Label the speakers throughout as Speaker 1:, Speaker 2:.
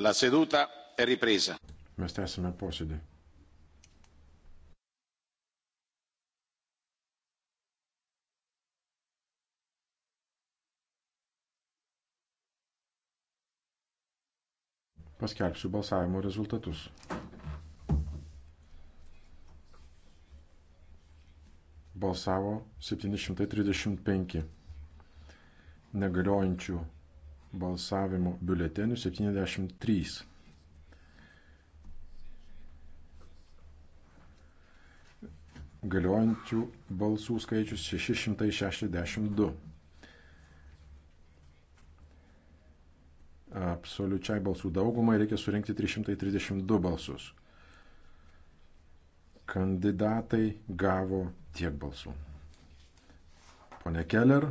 Speaker 1: La seduta è ripresa.
Speaker 2: Mes tęsime posėdį. Paskelbsiu balsavimo rezultatus. Balsavo 735 negaliojančių balsavimo biuletenių 73. Galiojančių balsų skaičius 662. Absoliučiai balsų daugumai reikia surinkti 332 balsus. Kandidatai gavo tiek balsų. Pone Keller,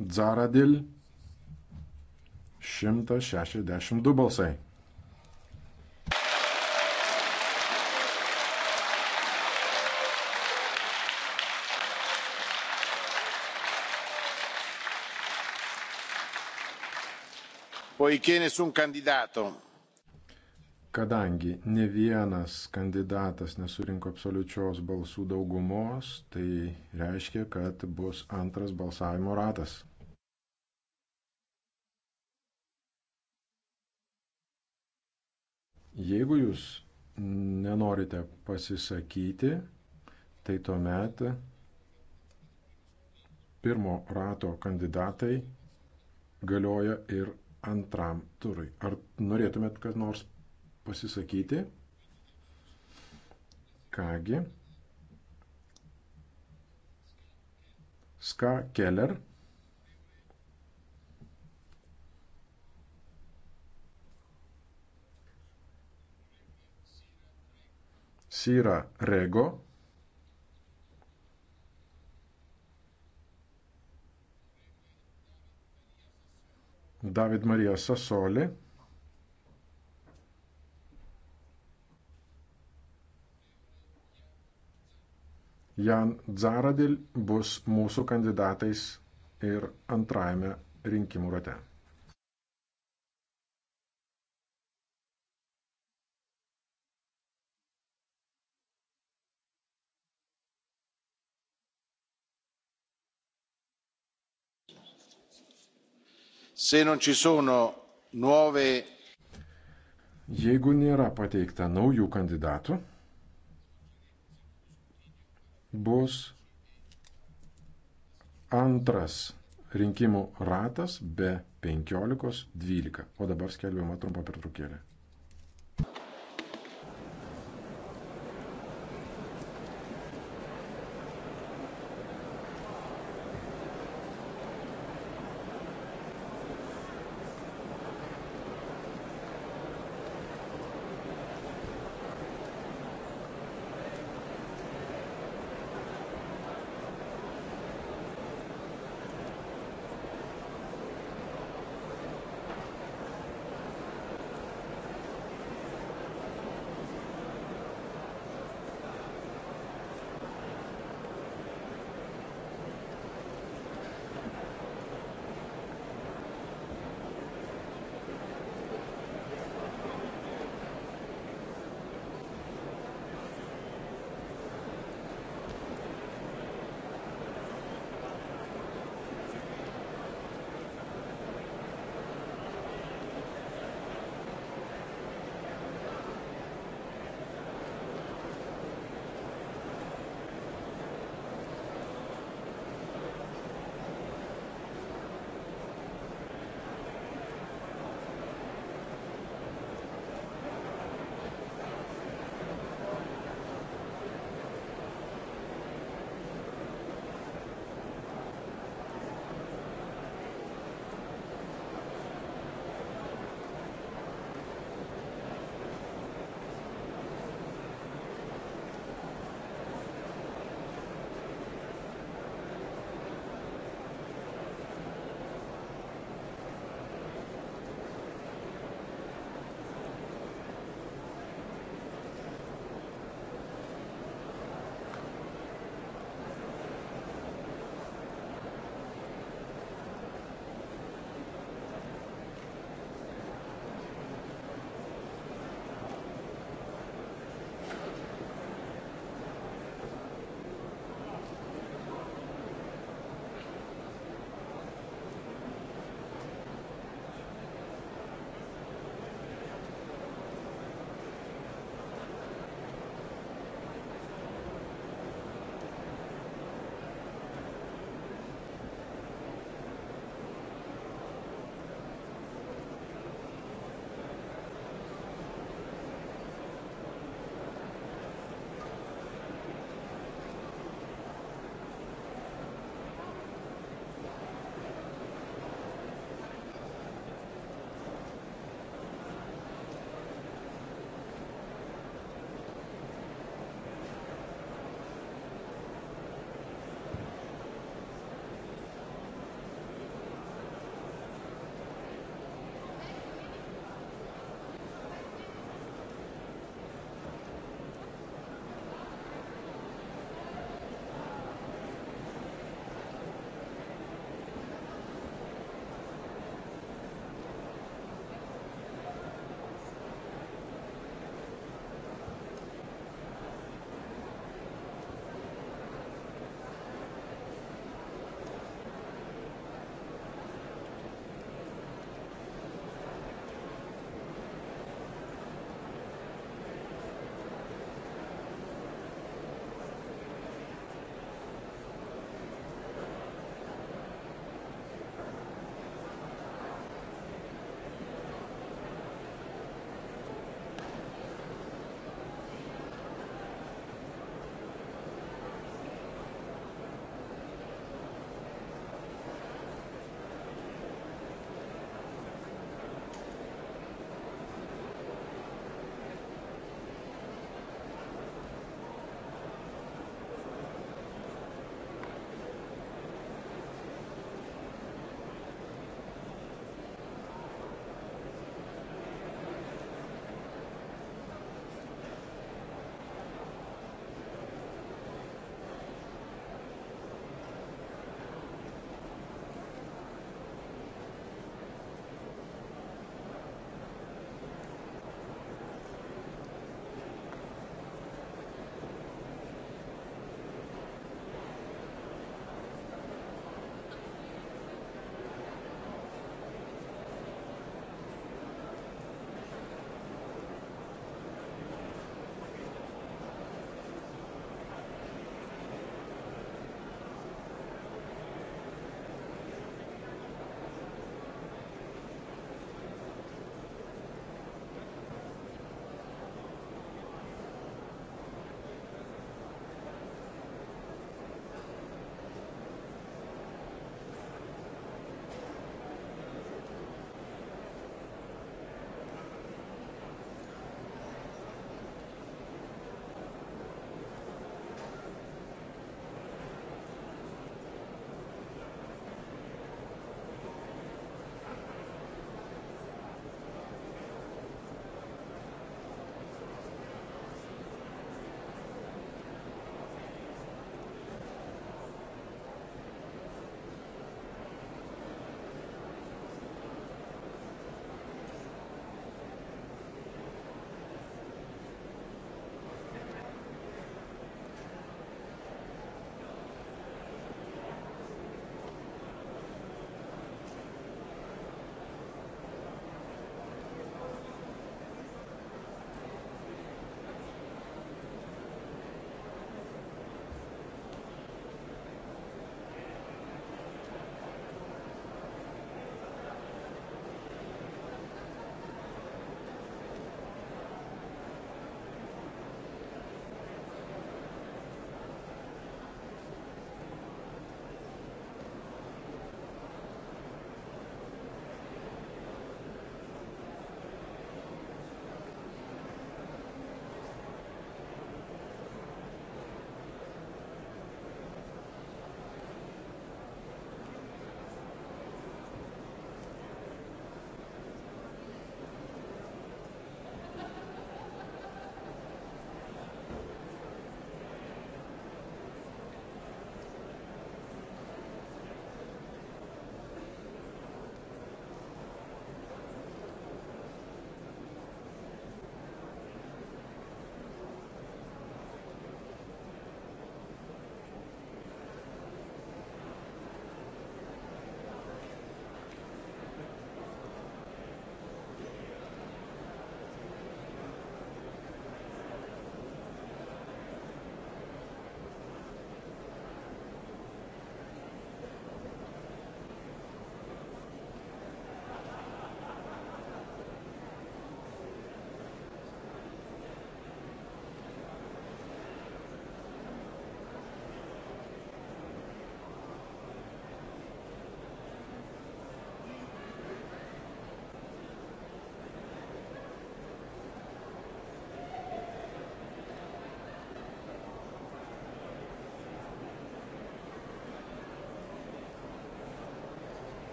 Speaker 2: Dzaradil 162 balsai.
Speaker 1: poiché nessun candidato
Speaker 2: Kadangi ne vienas kandidatas nesurinko absoliučios balsų daugumos, tai reiškia, kad bus antras balsavimo ratas. Jeigu jūs nenorite pasisakyti, tai tuomet pirmo rato kandidatai galioja ir antram turui. Ar norėtumėt, kad nors pasisakyti. Kągi. Ska Keller. Syra Rego. David Marija Sasoli. Jan Dzaradil bus mūsų kandidatais ir antrajame rinkimų rate.
Speaker 1: Se non ci sono nuove
Speaker 2: Jeigu nėra pateikta naujų kandidatų, bus antras rinkimų ratas be 15.12. O dabar skelbiama trumpa pertraukėlė.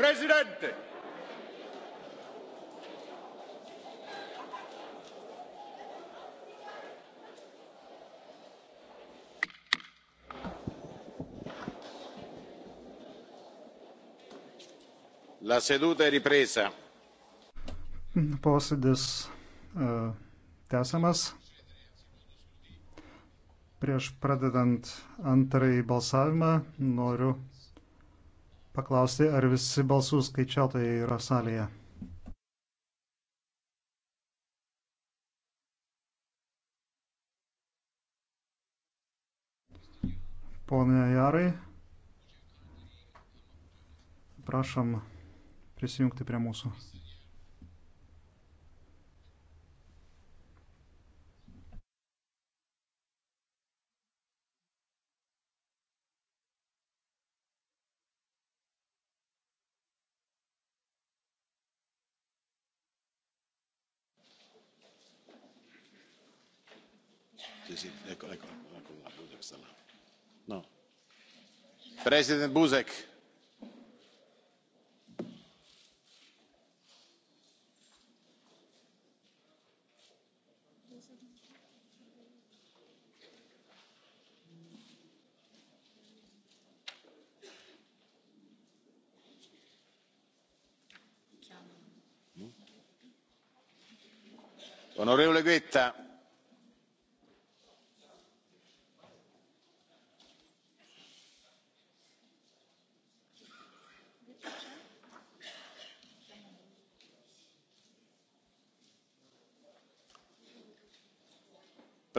Speaker 2: Presidente!
Speaker 1: La seduta è ripresa.
Speaker 3: Posėdis uh, tęsiamas. Prieš pradedant antrąjį balsavimą noriu paklausti, ar visi balsų skaičiuotojai yra salėje. Pone Jarai, prašom prisijungti prie mūsų.
Speaker 1: president buzek onorevole guetta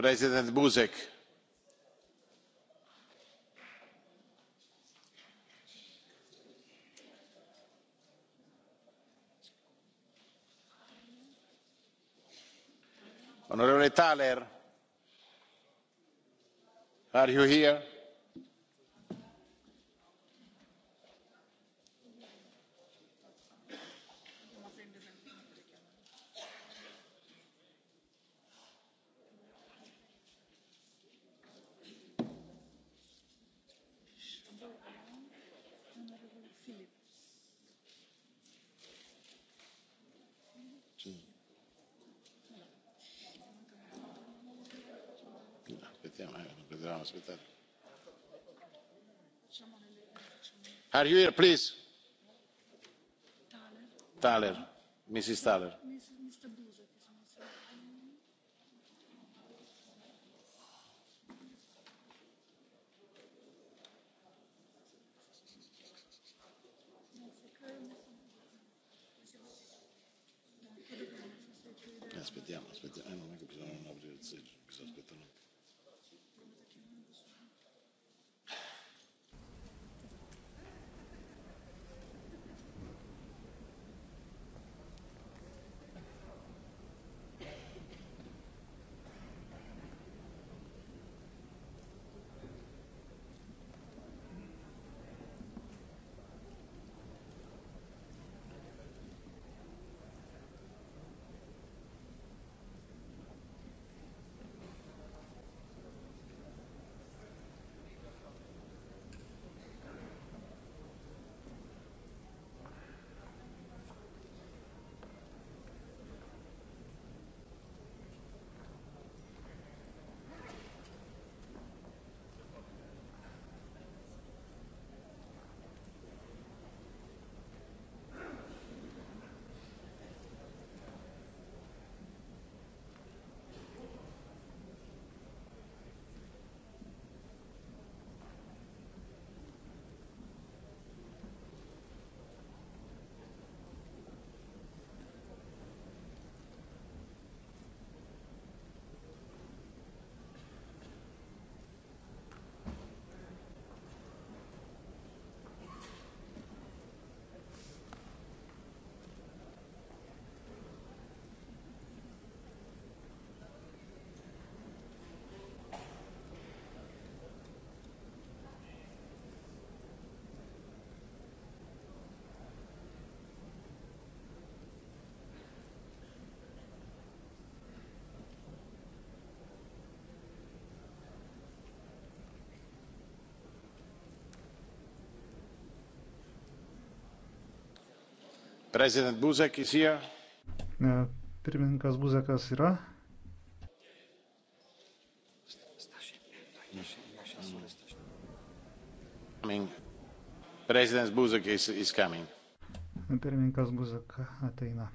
Speaker 1: president buzek honourable thaler are you here? aspettate. are you here please? thaler mrs thaler. President Buzek is here.
Speaker 3: Pirmininkas Buzekas yra.
Speaker 1: Prezidentas Buzek is, is coming.
Speaker 3: Pirmininkas Buzek ateina.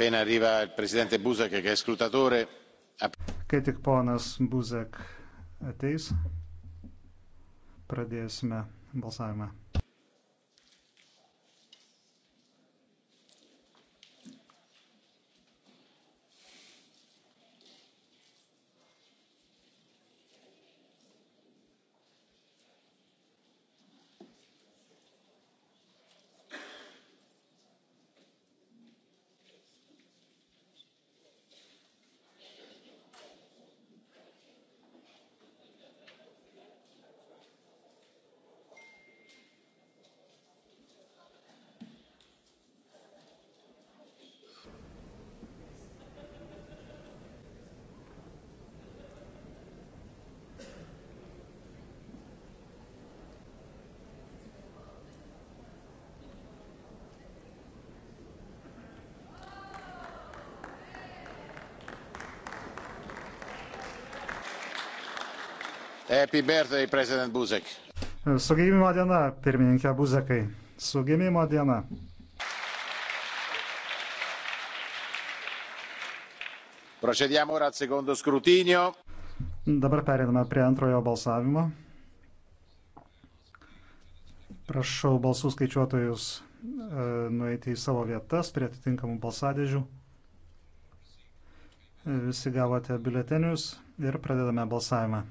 Speaker 1: Appena arriva il presidente Buzek, che è scrutatore.
Speaker 3: Kai tik ponas Buzek ateis, pradėsime balsavimą.
Speaker 1: Happy birthday, President Buzek.
Speaker 3: Sugimimo diena, pirmininkė Buzekai. Sugimimo diena.
Speaker 1: Procediamo ora al secondo scrutinio.
Speaker 3: Dabar periname prie antrojo balsavimo. Prašau balsų skaičiuotojus e, nueiti į savo vietas prie atitinkamų balsadėžių. Visi gavote biuletenius ir pradedame balsavimą.